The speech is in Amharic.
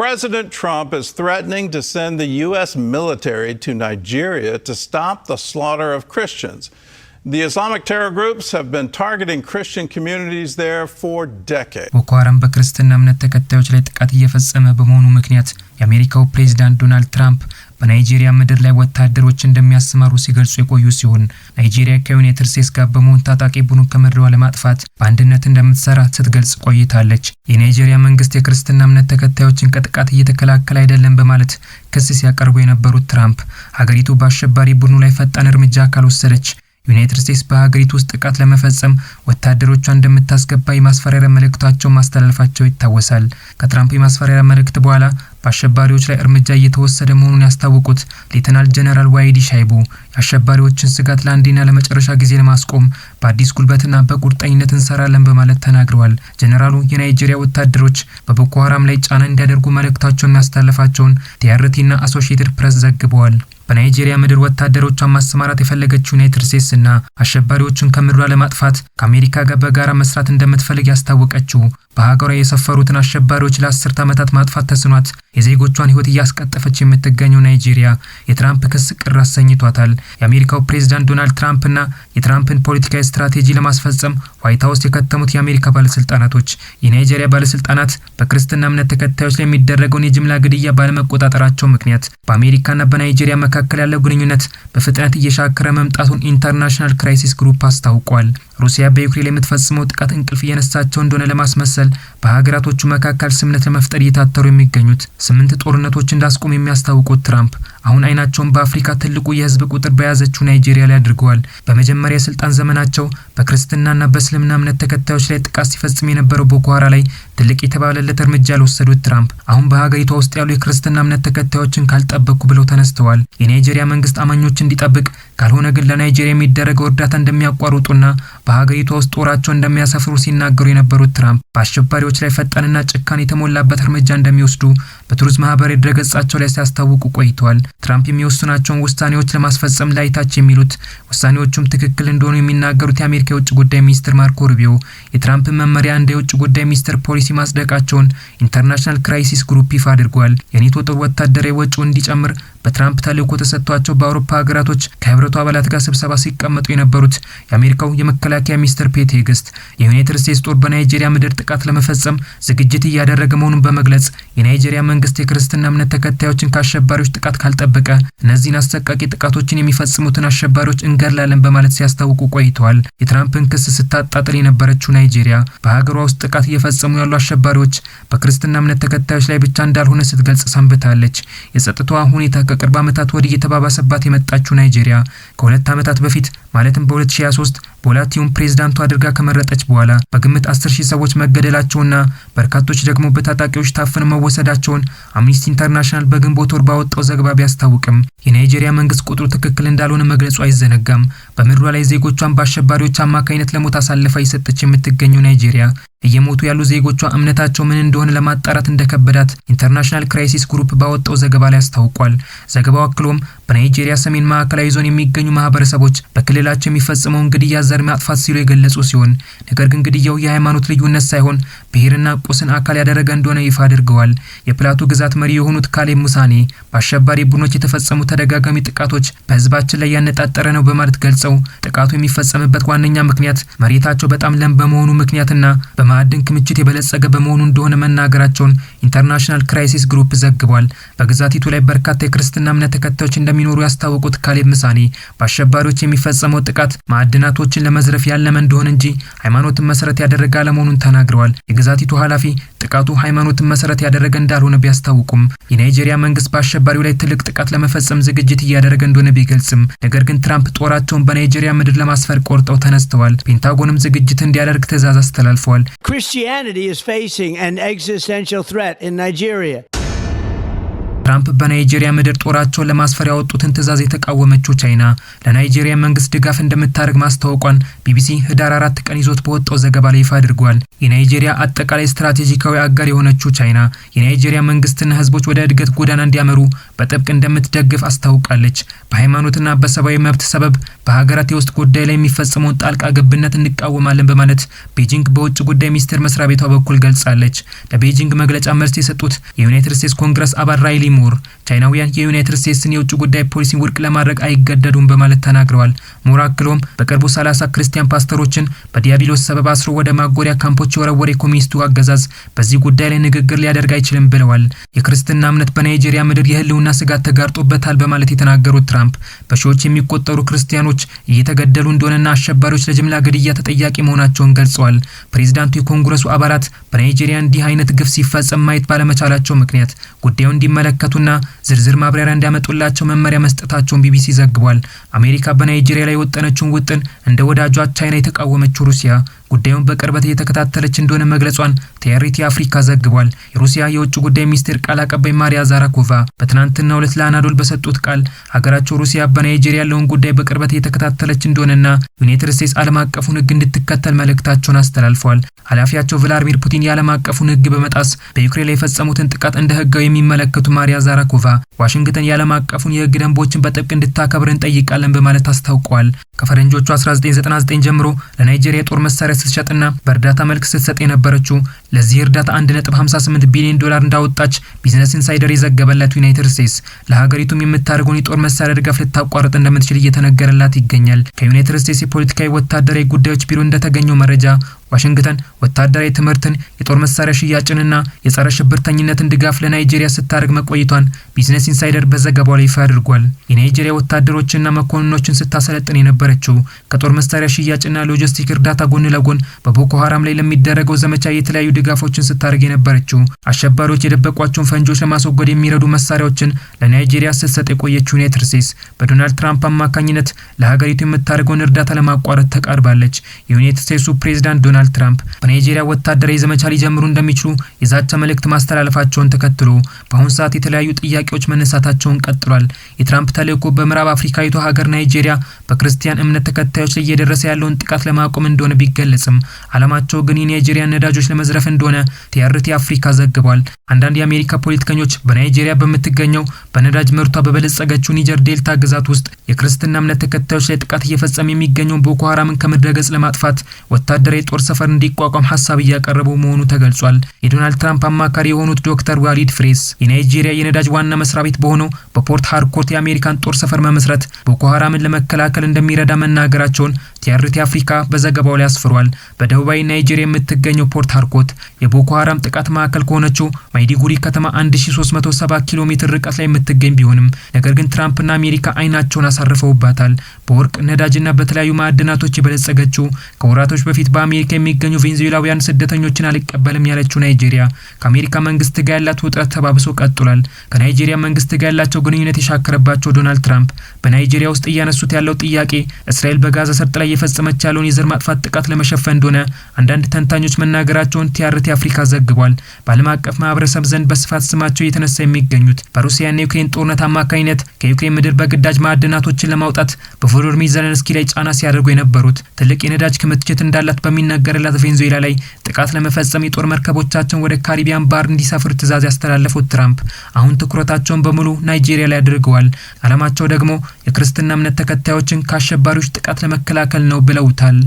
President Trump is threatening to send the U.S. military to Nigeria to stop the slaughter of Christians. The Islamic terror groups have been targeting Christian communities there for decades. ቦኮ ሃራም በክርስትና እምነት ተከታዮች ላይ ጥቃት እየፈጸመ በመሆኑ ምክንያት የአሜሪካው ፕሬዚዳንት ዶናልድ ትራምፕ በናይጄሪያ ምድር ላይ ወታደሮች እንደሚያሰማሩ ሲገልጹ የቆዩ ሲሆን ናይጄሪያ ከዩናይትድ ስቴትስ ጋር በመሆን ታጣቂ ቡድኑ ከምድሯ ለማጥፋት በአንድነት እንደምትሰራ ስትገልጽ ቆይታለች። የናይጄሪያ መንግስት የክርስትና እምነት ተከታዮችን ከጥቃት እየተከላከለ አይደለም በማለት ክስ ሲያቀርቡ የነበሩት ትራምፕ ሀገሪቱ በአሸባሪ ቡድኑ ላይ ፈጣን እርምጃ ካልወሰደች ዩናይትድ ስቴትስ በሀገሪቱ ውስጥ ጥቃት ለመፈጸም ወታደሮቿ እንደምታስገባ የማስፈራሪያ መልእክታቸውን ማስተላለፋቸው ይታወሳል። ከትራምፕ የማስፈራሪያ መልእክት በኋላ በአሸባሪዎች ላይ እርምጃ እየተወሰደ መሆኑን ያስታወቁት ሌተናል ጀነራል ዋይዲ ሻይቡ የአሸባሪዎችን ስጋት ለአንዴና ለመጨረሻ ጊዜ ለማስቆም በአዲስ ጉልበትና በቁርጠኝነት እንሰራለን በማለት ተናግረዋል። ጀነራሉ የናይጄሪያ ወታደሮች በቦኮ ሀራም ላይ ጫና እንዲያደርጉ መልእክታቸውን ያስተላለፋቸውን ቲአርቲ አሶሽትድ ፕሬስ ዘግበዋል። በናይጄሪያ ምድር ወታደሮቿን ማሰማራት የፈለገችው ዩናይትድ ስቴትስ እና አሸባሪዎቹን ከምድሯ ለማጥፋት ከአሜሪካ ጋር በጋራ መስራት እንደምትፈልግ ያስታወቀችው በሀገሯ የሰፈሩትን አሸባሪዎች ለአስርት ዓመታት ማጥፋት ተስኗት የዜጎቿን ህይወት እያስቀጠፈች የምትገኘው ናይጄሪያ የትራምፕ ክስ ቅር አሰኝቷታል። የአሜሪካው ፕሬዚዳንት ዶናልድ ትራምፕና የትራምፕን ፖለቲካዊ ስትራቴጂ ለማስፈጸም ዋይት ሀውስ የከተሙት የአሜሪካ ባለስልጣናቶች የናይጄሪያ ባለስልጣናት በክርስትና እምነት ተከታዮች ላይ የሚደረገውን የጅምላ ግድያ ባለመቆጣጠራቸው ምክንያት በአሜሪካና በናይጄሪያ መካከል ያለው ግንኙነት በፍጥነት እየሻከረ መምጣቱን ኢንተርናሽናል ክራይሲስ ግሩፕ አስታውቋል። ሩሲያ በዩክሬን የምትፈጽመው ጥቃት እንቅልፍ እየነሳቸው እንደሆነ ለማስመሰል በሀገራቶቹ መካከል ስምምነት ለመፍጠር እየታተሩ የሚገኙት ስምንት ጦርነቶች እንዳስቆም የሚያስታውቁት ትራምፕ አሁን አይናቸውን በአፍሪካ ትልቁ የህዝብ ቁጥር በያዘችው ናይጄሪያ ላይ አድርገዋል። በመጀመሪያ የስልጣን ዘመናቸው በክርስትናና በእስልምና እምነት ተከታዮች ላይ ጥቃት ሲፈጽም የነበረው ቦኮ ሃራ ላይ ትልቅ የተባለለት እርምጃ ያልወሰዱት ትራምፕ አሁን በሀገሪቷ ውስጥ ያሉ የክርስትና እምነት ተከታዮችን ካልጠበቅኩ ብለው ተነስተዋል። የናይጄሪያ መንግስት አማኞች እንዲጠብቅ ካልሆነ ግን ለናይጄሪያ የሚደረገው እርዳታ እንደሚያቋርጡና በሀገሪቷ ውስጥ ጦራቸው እንደሚያሰፍሩ ሲናገሩ የነበሩት ትራምፕ በአሸባሪዎች ላይ ፈጣንና ጭካን የተሞላበት እርምጃ እንደሚወስዱ በቱሪዝም ማህበር ድረገጻቸው ላይ ሲያስታውቁ ቆይተዋል። ትራምፕ የሚወስናቸውን ውሳኔዎች ለማስፈጸም ላይ ታች የሚሉት ውሳኔዎቹም ትክክል እንደሆኑ የሚናገሩት የአሜሪካ የውጭ ጉዳይ ሚኒስትር ማርኮ ሩቢዮ የትራምፕ መመሪያ እንደ የውጭ ጉዳይ ሚኒስትር ፖሊሲ ማጽደቃቸውን ኢንተርናሽናል ክራይሲስ ግሩፕ ይፋ አድርጓል። የኔቶ ጦር ወታደራዊ ወጪው እንዲጨምር በትራምፕ ተልእኮ ተሰጥቷቸው በአውሮፓ ሀገራቶች ከህብረቱ አባላት ጋር ስብሰባ ሲቀመጡ የነበሩት የአሜሪካው የመከላከያ ሚኒስትር ፔት ሄግስት የዩናይትድ ስቴትስ ጦር በናይጄሪያ ምድር ጥቃት ለመፈጸም ዝግጅት እያደረገ መሆኑን በመግለጽ የናይጄሪያ መንግስት የክርስትና እምነት ተከታዮችን ከአሸባሪዎች ጥቃት ካልጠበቀ እነዚህን አሰቃቂ ጥቃቶችን የሚፈጽሙትን አሸባሪዎች እንገድላለን በማለት ሲያስታውቁ ቆይተዋል። የትራምፕን ክስ ስታጣጥል የነበረችው ናይጄሪያ በሀገሯ ውስጥ ጥቃት እየፈጸሙ ያሉ አሸባሪዎች በክርስትና እምነት ተከታዮች ላይ ብቻ እንዳልሆነ ስትገልጽ ሰንብታለች። የጸጥታዋ ሁኔታ ከቅርብ ዓመታት ወዲህ እየተባባሰባት የመጣችው ናይጄሪያ ከሁለት ዓመታት በፊት ማለትም በ2023 ቦላቲውን ፕሬዝዳንቱ አድርጋ ከመረጠች በኋላ በግምት 10 ሺህ ሰዎች መገደላቸውና በርካቶች ደግሞ በታጣቂዎች ታፍን መወሰዳቸውን አምኒስቲ ኢንተርናሽናል በግንቦት ወር ባወጣው ዘገባ ቢያስታውቅም የናይጄሪያ መንግስት ቁጥሩ ትክክል እንዳልሆነ መግለጹ አይዘነጋም። በምድሯ ላይ ዜጎቿን በአሸባሪዎች አማካኝነት ለሞት አሳልፋ የሰጠች የምትገኘው ናይጄሪያ እየሞቱ ያሉ ዜጎቿ እምነታቸው ምን እንደሆነ ለማጣራት እንደከበዳት ኢንተርናሽናል ክራይሲስ ግሩፕ ባወጣው ዘገባ ላይ አስታውቋል። ዘገባው አክሎም በናይጄሪያ ሰሜን ማዕከላዊ ዞን የሚገኙ ማህበረሰቦች በክልላቸው የሚፈጽመውን ግድያ ዘር ማጥፋት ሲሉ የገለጹ ሲሆን ነገር ግን ግድያው የሃይማኖት ልዩነት ሳይሆን ብሔርና ቁስን አካል ያደረገ እንደሆነ ይፋ አድርገዋል። የፕላቱ ግዛት መሪ የሆኑት ካሌብ ሙሳኔ በአሸባሪ ቡድኖች የተፈጸሙ ተደጋጋሚ ጥቃቶች በህዝባችን ላይ ያነጣጠረ ነው በማለት ገልጸው ጥቃቱ የሚፈጸምበት ዋነኛ ምክንያት መሬታቸው በጣም ለም በመሆኑ ምክንያትና በማዕድን ክምችት የበለጸገ በመሆኑ እንደሆነ መናገራቸውን ኢንተርናሽናል ክራይሲስ ግሩፕ ዘግቧል። በግዛቲቱ ላይ በርካታ የክርስትና እምነት ተከታዮች እንደሚኖሩ ያስታወቁት ካሌብ ምሳኔ በአሸባሪዎች የሚፈጸመው ጥቃት ማዕድናቶችን ለመዝረፍ ያለመ እንደሆነ እንጂ ሃይማኖትን መሰረት ያደረገ አለመሆኑን ተናግረዋል። የግዛቲቱ ኃላፊ ጥቃቱ ሃይማኖትን መሰረት ያደረገ እንዳልሆነ ቢያስታውቁም የናይጄሪያ መንግስት በአሸባሪው ላይ ትልቅ ጥቃት ለመፈጸም ዝግጅት እያደረገ እንደሆነ ቢገልጽም ነገር ግን ትራምፕ ጦራቸውን በናይጄሪያ ምድር ለማስፈር ቆርጠው ተነስተዋል። ፔንታጎንም ዝግጅት እንዲያደርግ ትዕዛዝ አስተላልፈዋል። Christianity is facing an existential ትራምፕ በናይጄሪያ ምድር ጦራቸውን ለማስፈር ያወጡትን ትዕዛዝ የተቃወመችው ቻይና ለናይጄሪያ መንግስት ድጋፍ እንደምታደርግ ማስታወቋን ቢቢሲ ህዳር አራት ቀን ይዞት በወጣው ዘገባ ላይ ይፋ አድርጓል። የናይጄሪያ አጠቃላይ ስትራቴጂካዊ አጋር የሆነችው ቻይና የናይጄሪያ መንግስትና ህዝቦች ወደ እድገት ጎዳና እንዲያመሩ በጥብቅ እንደምትደግፍ አስታውቃለች። በሃይማኖትና በሰብአዊ መብት ሰበብ በሀገራት የውስጥ ጉዳይ ላይ የሚፈጸመውን ጣልቃ ገብነት እንቃወማለን በማለት ቤጂንግ በውጭ ጉዳይ ሚኒስቴር መስሪያ ቤቷ በኩል ገልጻለች። ለቤጂንግ መግለጫ መልስ የሰጡት የዩናይትድ ስቴትስ ኮንግረስ አባል ራይሊ Timur ቻይናውያን የዩናይትድ ስቴትስን የውጭ ጉዳይ ፖሊሲ ውድቅ ለማድረግ አይገደዱም በማለት ተናግረዋል። ምሁር አክሎም በቅርቡ ሰላሳ ክርስቲያን ፓስተሮችን በዲያብሎስ ሰበብ አስሮ ወደ ማጎሪያ ካምፖች የወረወረ ኮሚኒስቱ አገዛዝ በዚህ ጉዳይ ላይ ንግግር ሊያደርግ አይችልም ብለዋል። የክርስትና እምነት በናይጄሪያ ምድር የህልውና ስጋት ተጋርጦበታል በማለት የተናገሩት ትራምፕ በሺዎች የሚቆጠሩ ክርስቲያኖች እየተገደሉ እንደሆነና አሸባሪዎች ለጅምላ ግድያ ተጠያቂ መሆናቸውን ገልጸዋል። ፕሬዚዳንቱ የኮንግረሱ አባላት በናይጄሪያ እንዲህ አይነት ግፍ ሲፈጸም ማየት ባለመቻላቸው ምክንያት ጉዳዩ እንዲመለከቱና ዝርዝር ማብራሪያ እንዲያመጡላቸው መመሪያ መስጠታቸውን ቢቢሲ ዘግቧል። አሜሪካ በናይጄሪያ ላይ የወጠነችውን ውጥን እንደ ወዳጇ ቻይና የተቃወመችው ሩሲያ ጉዳዩን በቅርበት እየተከታተለች እንደሆነ መግለጿን ቴሪቲ አፍሪካ ዘግቧል። የሩሲያ የውጭ ጉዳይ ሚኒስቴር ቃል አቀባይ ማሪያ ዛራኮቫ በትናንትናው ዕለት ለአናዶል በሰጡት ቃል ሀገራቸው ሩሲያ በናይጄሪያ ያለውን ጉዳይ በቅርበት እየተከታተለች እንደሆነና ዩናይትድ ስቴትስ ዓለም አቀፉን ሕግ እንድትከተል መልእክታቸውን አስተላልፏል። ኃላፊያቸው ቭላዲሚር ፑቲን የዓለም አቀፉን ሕግ በመጣስ በዩክሬን ላይ የፈጸሙትን ጥቃት እንደ ሕጋዊ የሚመለከቱ ማሪያ ዛራኮቫ ዋሽንግተን የዓለም አቀፉን የሕግ ደንቦችን በጥብቅ እንድታከብር እንጠይቃለን በማለት አስታውቀዋል። ከፈረንጆቹ 1999 ጀምሮ ለናይጄሪያ የጦር መሳሪያ ስትሸጥና በእርዳታ መልክ ስትሰጥ የነበረችው ለዚህ እርዳታ 1.58 ቢሊዮን ዶላር እንዳወጣች ቢዝነስ ኢንሳይደር የዘገበላት ዩናይትድ ስቴትስ ለሀገሪቱም የምታደርገውን የጦር መሳሪያ ድጋፍ ልታቋርጥ እንደምትችል እየተነገረላት ይገኛል። ከዩናይትድ ስቴትስ የፖለቲካዊ ወታደራዊ ጉዳዮች ቢሮ እንደተገኘው መረጃ ዋሽንግተን ወታደራዊ ትምህርትን፣ የጦር መሳሪያ ሽያጭንና የጸረ ሽብርተኝነትን ድጋፍ ለናይጄሪያ ስታደርግ መቆይቷን ቢዝነስ ኢንሳይደር በዘገባው ላይ ይፋ አድርጓል። የናይጄሪያ ወታደሮችና መኮንኖችን ስታሰለጥን የነበረችው ከጦር መሳሪያ ሽያጭና ሎጂስቲክ እርዳታ ጎን ለጎን በቦኮ ሀራም ላይ ለሚደረገው ዘመቻ የተለያዩ ድጋፎችን ስታደርግ የነበረችው አሸባሪዎች የደበቋቸውን ፈንጆች ለማስወገድ የሚረዱ መሳሪያዎችን ለናይጄሪያ ስትሰጥ የቆየችው ዩናይትድ ስቴትስ በዶናልድ ትራምፕ አማካኝነት ለሀገሪቱ የምታደርገውን እርዳታ ለማቋረጥ ተቃርባለች። የዩናይትድ ስቴትሱ ፕሬዚዳንት ዶናልድ ዶናልድ ትራምፕ በናይጄሪያ ወታደራዊ ዘመቻ ሊጀምሩ እንደሚችሉ የዛቻ መልእክት ማስተላለፋቸውን ተከትሎ በአሁኑ ሰዓት የተለያዩ ጥያቄዎች መነሳታቸውን ቀጥሏል። የትራምፕ ተልእኮ በምዕራብ አፍሪካዊቷ ሀገር ናይጄሪያ በክርስቲያን እምነት ተከታዮች ላይ እየደረሰ ያለውን ጥቃት ለማቆም እንደሆነ ቢገለጽም አለማቸው ግን የናይጄሪያን ነዳጆች ለመዝረፍ እንደሆነ ቲአርቲ አፍሪካ ዘግቧል። አንዳንድ የአሜሪካ ፖለቲከኞች በናይጄሪያ በምትገኘው በነዳጅ ምርቷ በበለጸገችው ኒጀር ዴልታ ግዛት ውስጥ የክርስትና እምነት ተከታዮች ላይ ጥቃት እየፈጸመ የሚገኘውን ቦኮ ሀራምን ከምድረገጽ ለማጥፋት ወታደራዊ ጦር ሰፈር እንዲቋቋም ሀሳብ እያቀረቡ መሆኑ ተገልጿል። የዶናልድ ትራምፕ አማካሪ የሆኑት ዶክተር ዋሊድ ፍሬስ የናይጄሪያ የነዳጅ ዋና መስሪያ ቤት በሆነው በፖርት ሃርኮርት የአሜሪካን ጦር ሰፈር መመስረት ቦኮ ሀራምን ለመከላከል ለመከላከል እንደሚረዳ መናገራቸውን ቲያርቲ አፍሪካ በዘገባው ላይ አስፍሯል። በደቡባዊ ናይጄሪያ የምትገኘው ፖርት ሃርኮት የቦኮ ሀራም ጥቃት ማዕከል ከሆነችው ማይዲጉሪ ከተማ 1370 ኪሎ ሜትር ርቀት ላይ የምትገኝ ቢሆንም ነገር ግን ትራምፕና አሜሪካ አይናቸውን አሳርፈውባታል። በወርቅ ነዳጅና በተለያዩ ማዕድናቶች የበለጸገችው ከወራቶች በፊት በአሜሪካ የሚገኙ ቬንዙዌላውያን ስደተኞችን አልቀበልም ያለችው ናይጄሪያ ከአሜሪካ መንግስት ጋር ያላት ውጥረት ተባብሶ ቀጥሏል። ከናይጄሪያ መንግስት ጋር ያላቸው ግንኙነት የሻከረባቸው ዶናልድ ትራምፕ በናይጄሪያ ውስጥ እያነሱት ያለው ጥያቄ እስራኤል በጋዛ ሰርጥ ላይ እየፈጸመች ያለውን የዘር ማጥፋት ጥቃት ለመሸፈን እንደሆነ አንዳንድ ተንታኞች መናገራቸውን ቲአርቲ አፍሪካ ዘግቧል። በዓለም አቀፍ ማህበረሰብ ዘንድ በስፋት ስማቸው እየተነሳ የሚገኙት በሩሲያና ዩክሬን ጦርነት አማካኝነት ከዩክሬን ምድር በግዳጅ ማዕድናቶችን ለማውጣት በቮሎዲሚር ዘለንስኪ ላይ ጫና ሲያደርጉ የነበሩት ትልቅ የነዳጅ ክምችት እንዳላት በሚነገርላት ቬንዙዌላ ላይ ጥቃት ለመፈጸም የጦር መርከቦቻቸውን ወደ ካሪቢያን ባህር እንዲሰፍር ትዕዛዝ ያስተላለፉት ትራምፕ አሁን ትኩረታቸውን በሙሉ ናይጄሪያ ላይ አድርገዋል። አለማቸው ደግሞ የክርስትና እምነት ተከታዮችን ከአሸባሪዎች ጥቃት ለመከላከል ነው ብለውታል።